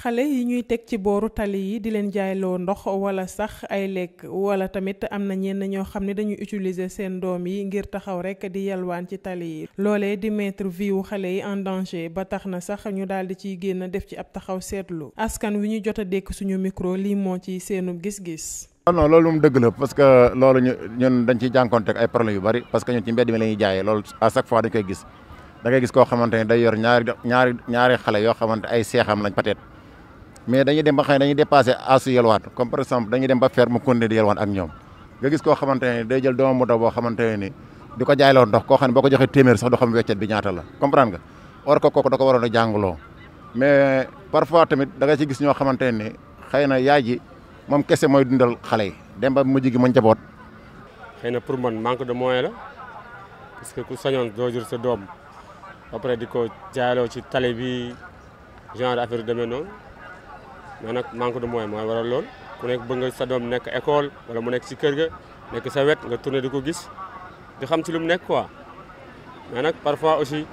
xale yi ñuy teg ci booru tali yi di leen jaayloo ndox wala sax ay lekk wala tamit am na ñeen ñoo xam ne dañu utiliser seen doom yi ngir taxaw rek di yalwaan ci tali yi loolee di mettre vie wu xale yi en danger ba tax na sax ñu daal di ciy génn def ci ab taxaw seetlu askan wi ñu jot a dékk suñu micro lii moo ci seenu gis-gis. non oh non loolu moom dëgg la parce que loolu ñu ñun dañ ciy jànkoonte ak ay problème yu bari parce que ñun ci mbedd mi la ñuy jaayee loolu à chaque fois gis da gis koo xamante ne day yor ñaari ñaari ñaari xale yoo xamante ay seexam lañ peut-être mais dañuy dem ba xam ne dañuy dépassé asu yelwaat comme par exemple dañuy dem ba fer mu continuer di yelwaat ak ñoom nga gis koo xamante ne day jël doomam mu daw boo xamante ne ni di ko jaayloo ndox ko joxee téeméer sax du xam weccet bi ñaata la comprendre ko kooku da a jàngaloo mais parfois tamit da nga ci gis ñoo xamante ne xëy na yaay ji moom kese mooy dundal xale yi dem ba mujj gi mu njaboot. xëy na pour man manque de moyen la parce que ku sañoon doo jur sa doom ba pare di ko jaayloo ci tali bi genre affaire yu demee loolu nag manque de moyen mooy waral lool ku nekk bëgg nga sa doom nekk école wala mu nekk si kër ga nekk sa wet nga tourné di ko gis di xam si lu mu nekk quoi mais nag parfois aussi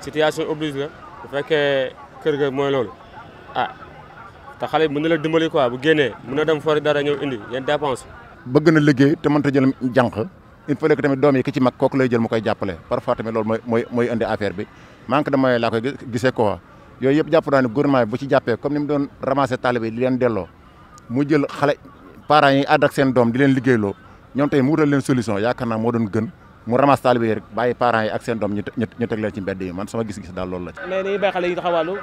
situation oblige la bu fekkee kër ga mooy loolu ah te xale mën na la dimbali quoi bu génnee mën na dem fori dara ñëw indi yenn dépense bëgg na liggéey te mënta jël janq il faut que tamit doom yi ki mag kooku lay jël mu koy jàppale parfois tamit loolu mooy mooy indi affaire bi manque de moyen laa koy gisee yooyu yëpp jàpp naa ne gouvernement bi bu ci jàppee comme ni mu doon ramasser talibé di leen delloo mu jël xale parents yi ànd ak seen doom di leen liggéeyloo ñoom tey mu wutal leen solution yaakaar naa moo doon gën mu ramas talibé yi rek bàyyi parents yi ak seen doom ñu teg leen ci mbedd yi man sama gis-gis daal loolu la mais dañuy bàyyi xale yi taxawaalu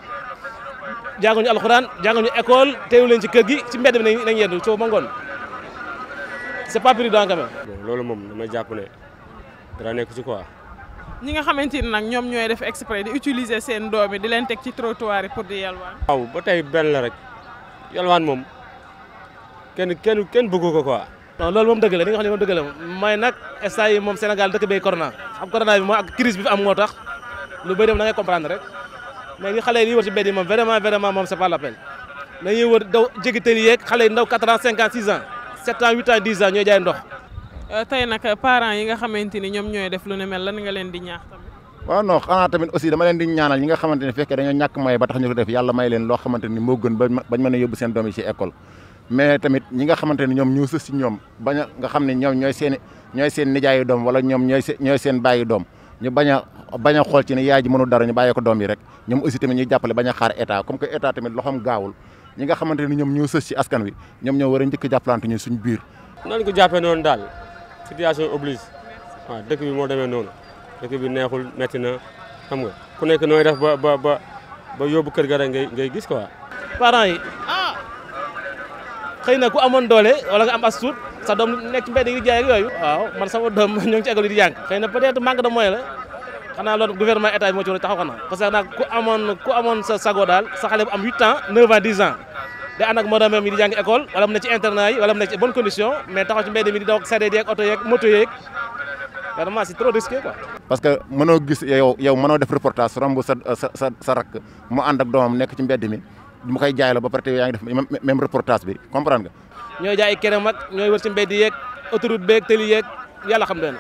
jànguñu alxuraan jànguñu école teewu leen ci kër gi ci mbedd bi nañ yendu soo ba ngoon c'est pas prudent quand même loolu moom dama jàpp ne dara nekk quoi ñi nga xamante ni nag ñoom ñooy def exprès di utiliser seen doom di leen teg ci trottoir yi pour di yalwaan. waaw ba tey benn rek yalwaan moom kenn kenn kenn bëggu ko quoi. loolu moom dëgg la li nga xam ne moom dëgg la mooy nag instant yi moom Sénégal dëkk bee corona am corona bi moom ak crise bi am moo tax lu bëri moom da ngay comprendre rek mais li xale yi di wër ci mbedd yi moom vraiment vraiment moom c'est pas la peine dañuy wër daw jéggi tëli xale yi ndaw 4 Euh, tey nag euh, parents yi nga xamante ni ñoom ñooy def lu ne mel lan nga leen di ñaax tamit. waaw non xanaa tamit aussi dama leen di ñaanal ñi nga xamante ni fekkee dañoo ñàkk may ba tax ñu ko def yàlla may leen loo xamante ni moo gën bañ mën a yóbbu seen doom yi ci école mais tamit ñi nga xamante ni ñoom ñoo sës ci ñoom bañ a nga xam ne ñoom ñooy seen ñooy seen nijaayu doom wala ñoom ñooy ñooy seen bàyyi doom ñu bañ a bañ a xool ci ne yaay ji mënu dara ñu bàyyi ko doom yi rek ñoom aussi tamit ñuy jàppale bañ a xaar état comme que état tamit loxoom gaawul ñi nga xamante ni ñoom ñoo sës ci askan wi ñoom ñoo war a njëkk jàppalante ñu suñ biir noonu ko jàppee noonu daal situation oblige waaw ah, dëkk bi moo demee noonu dëkk bi neexul metti na xam nga ku nekk nooy def ba ba ba ba yóbbu kër ga rek ngay ngay gis quoi. parents yi ah xëy na ku amoon doole wala nga am as sa doom nekk mbedd yi di jaay ak yooyu. waaw man sama doom ñoo ci école yi di jàng. xëy na peut-être manque de moyen la xanaa loolu gouvernement état bi moo ci war a taxaw xanaa parce que nag ku amoon ku amoon sa sago daal sa xale bu am 8 ans 9 ans 10 day ànd ak moroomam yi di jàng école wala mu ne ci internat yi wala mu ne ci bonne condition mais taxaw ci mbedd mi di daw ak sareet yeeg oto yeeg moto yeeg vraiment c'est def reportage romb sa rakk mu ànd ak doomam nekk ci mbedd mi mu koy jaay ba pare te yaa ngi def même reportage bi comprendre nga. ñooy jaay ay kerem ñooy wër ci mbedd yeeg autoroute beeg tëli yeeg yàlla xam doy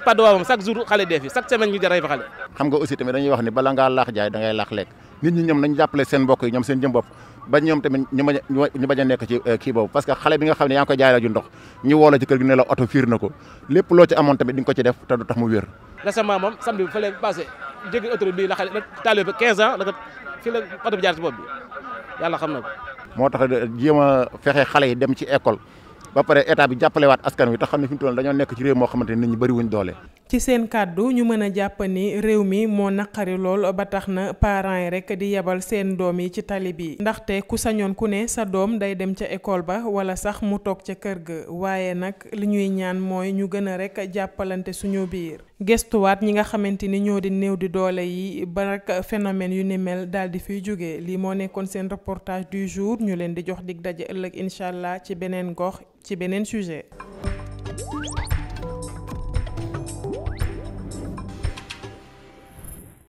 fi a moom chaque jour xale dee fi chaque semaine ñu jaray fa xale xam nga aussi tamit dañuy wax ni bala ngaa laax jaay da laax lekk nit ñi ñoom nañu jàppale seen mbokk yi ñoom seen jëm bopp ba ñoom tamit ñu bañ a nekk ci euh, kii boobu parce que xale bi nga xam ne yaa ngi koy jaay la ndox ñu woo ci kër gi ne la oto fiir na ko lépp loo ci amoon tamit di nga ko ci def te du tax mu wér récemment moom samedi fële passé jéggi autoroute bi bi jaar na moo tax jéem a fexe xale yi dem ci école ba pare état bi jàppalewaat askan wi te xam ne fi mu toll dañoo nekk ci réew moo xamante ne nit ñi doole. ci seen kàddu ñu mën a jàpp ni réew mi moo naqari lool ba tax na parents yi rek di yebal seen doom yi ci tali bi ndaxte ku sañoon ku ne sa doom day dem ca école ba wala sax mu toog ca kër ga waaye nag li ñuy ñaan mooy ñu gën a rek jàppalante suñu biir. gestuwaat ñi nga xamante ni ñoo di néew di doole yi ba rek phénomène yu ni mel daal di fiy jógee lii moo nekkoon seen reportage du jour ñu leen di jox dig daje ëllëg incha allah ci beneen gox. ci beneen sujet